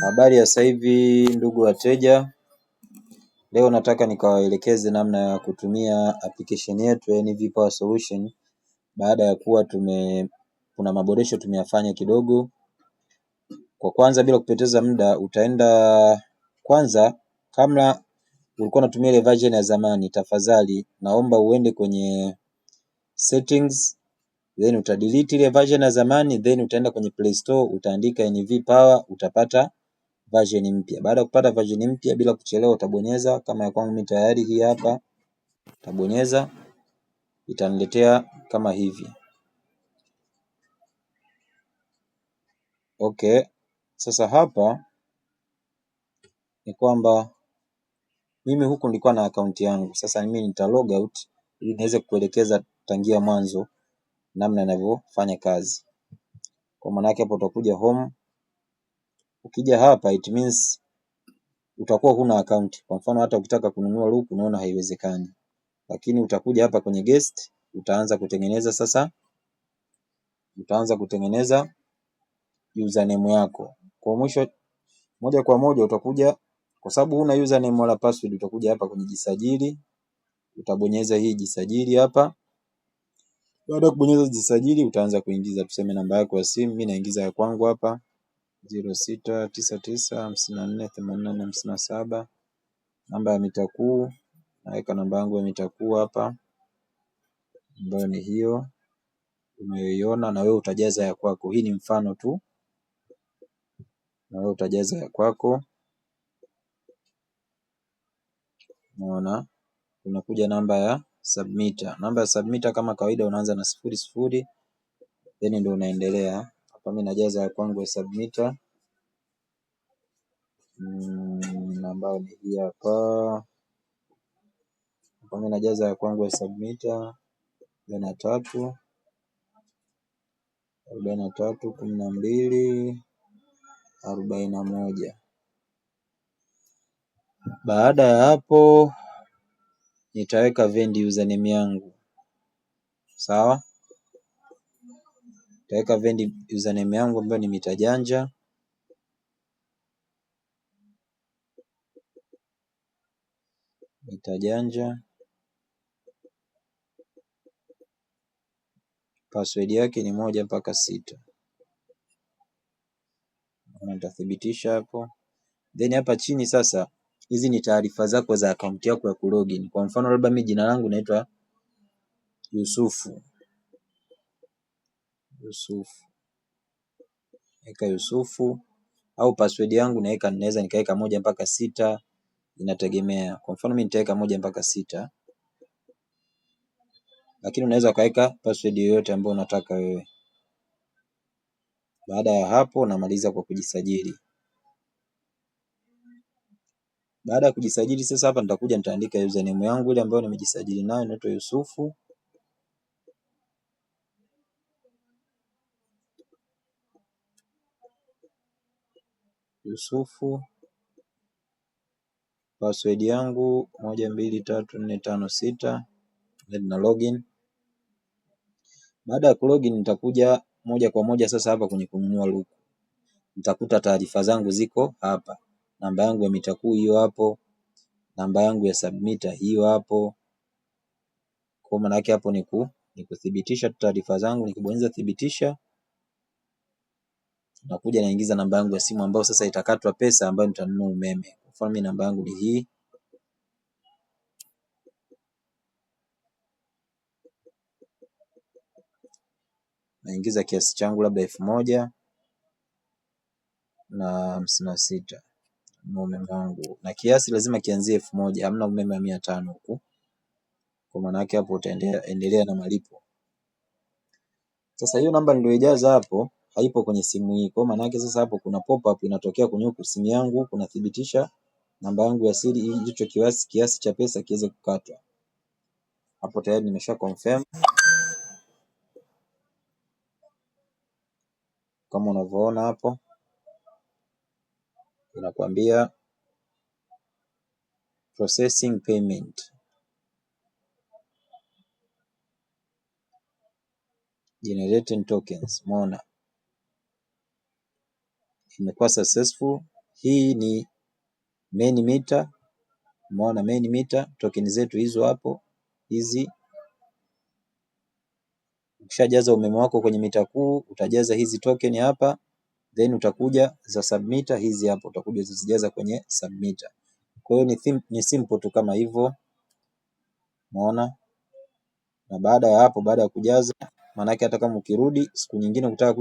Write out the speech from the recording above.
Habari ya sasa hivi ndugu wateja, leo nataka nikawaelekeze namna ya kutumia application yetu ya yaani NV Power Solution baada ya kuwa tume kuna maboresho tumeyafanya kidogo. Kwa kwanza, bila kupoteza muda, utaenda kwanza, kama ulikuwa unatumia ile version ya zamani, tafadhali naomba uende kwenye settings, then utadelete ile version ya zamani, then utaenda kwenye Play Store utaandika NV yaani Power utapata version mpya. Baada ya kupata version mpya bila kuchelewa, utabonyeza kama ya kwangu mimi tayari hii hapa, utabonyeza itaniletea kama hivi. Okay, sasa hapa ni kwamba mimi huku nilikuwa na akaunti yangu. Sasa mimi nita log out ili niweze kuelekeza tangia mwanzo namna inavyofanya kazi. Kwa maana yake hapo utakuja home Ukija hapa it means utakuwa huna account. Kwa mfano hata ukitaka kununua loop unaona haiwezekani, lakini utakuja hapa kwenye guest, utaanza kutengeneza sasa, utaanza kutengeneza username yako kwa mwisho moja kwa moja utakuja kwa sababu huna username wala password, utakuja hapa kwenye jisajili, utabonyeza hii jisajili hapa. Baada ya kubonyeza jisajili, utaanza kuingiza tuseme namba yako ya simu. Mimi naingiza ya kwangu hapa, 0699548457 namba ya mita kuu. Naweka namba yangu ya mita kuu hapa ambayo ni hiyo unayoiona na wewe utajaza ya kwako. Hii ni mfano tu na wewe utajaza ya kwako. Unaona unakuja namba ya submitter. Namba ya submitter kama kawaida unaanza na sifuri sifuri then ndio unaendelea. Kwa mimi najaza ya kwangu submitter mita mm, ambayo ni hii hapa. Kwa mimi najaza ya kwangu submitter mita arobaini na tatu arobaini na tatu kumi na mbili arobaini na moja. Baada ya hapo nitaweka vendi username yangu sawa. Nitaweka username yangu ambayo ni mitajanja mitajanja Password yake ni moja mpaka sita. Nitathibitisha hapo. Then hapa chini sasa hizi ni taarifa zako za akaunti yako ya kulogin. Kwa mfano labda mimi jina langu naitwa Yusufu. Naweka Yusufu au password yangu naweka naweza nikaweka moja mpaka sita inategemea. Kwa mfano mimi nitaweka moja mpaka sita, lakini unaweza ukaweka password yoyote ambayo unataka wewe. Baada ya hapo namaliza kwa kujisajili. Baada ya kujisajili sasa hapa nitakuja nitaandika username yangu ile ambayo nimejisajili nayo inaitwa Yusufu. Yusufu, password yangu moja mbili tatu nne tano sita then na login. Baada ya kulogin nitakuja moja kwa moja sasa hapa kwenye kununua luku, nitakuta taarifa zangu ziko hapa, namba yangu ya mita kuu hiyo hapo, namba yangu ya submitter hiyo hapo. Kwa maana yake hapo ni kuthibitisha taarifa zangu, nikibonyeza thibitisha nakuja naingiza namba yangu ya simu ambayo sasa itakatwa pesa ambayo nitanunua umeme. Kwa mfano mimi namba yangu ni hii. Naingiza kiasi changu labda elfu moja na hamsini na sita na umeme wangu, na kiasi lazima kianzie elfu moja hamna umeme wa mia tano huku, kwa maana yake hapo utaendelea na malipo. Sasa hiyo namba niliyoijaza hapo haipo kwenye simu hii. Kwa maanake sasa hapo kuna pop-up inatokea kwenye huku simu yangu, kunathibitisha namba yangu ya siri ili hicho kiasi, kiasi cha pesa kiweze kukatwa. Hapo tayari nimesha confirm kama unavyoona hapo inakwambia processing payment. Generating tokens. Umeona? imekuwa successful Hii ni Main meter umeona Main meter tokeni zetu hizo hapo, hizi. Ukishajaza umeme wako kwenye mita kuu, utajaza hizi token hapa, then utakuja za sub hizi hapo, utakuja zijaza kwenye sub Kwa hiyo ni simple tu kama hivyo, umeona? Na baada ya hapo, baada ya kujaza, maanake hata kama ukirudi siku nyingine ukitaka kuja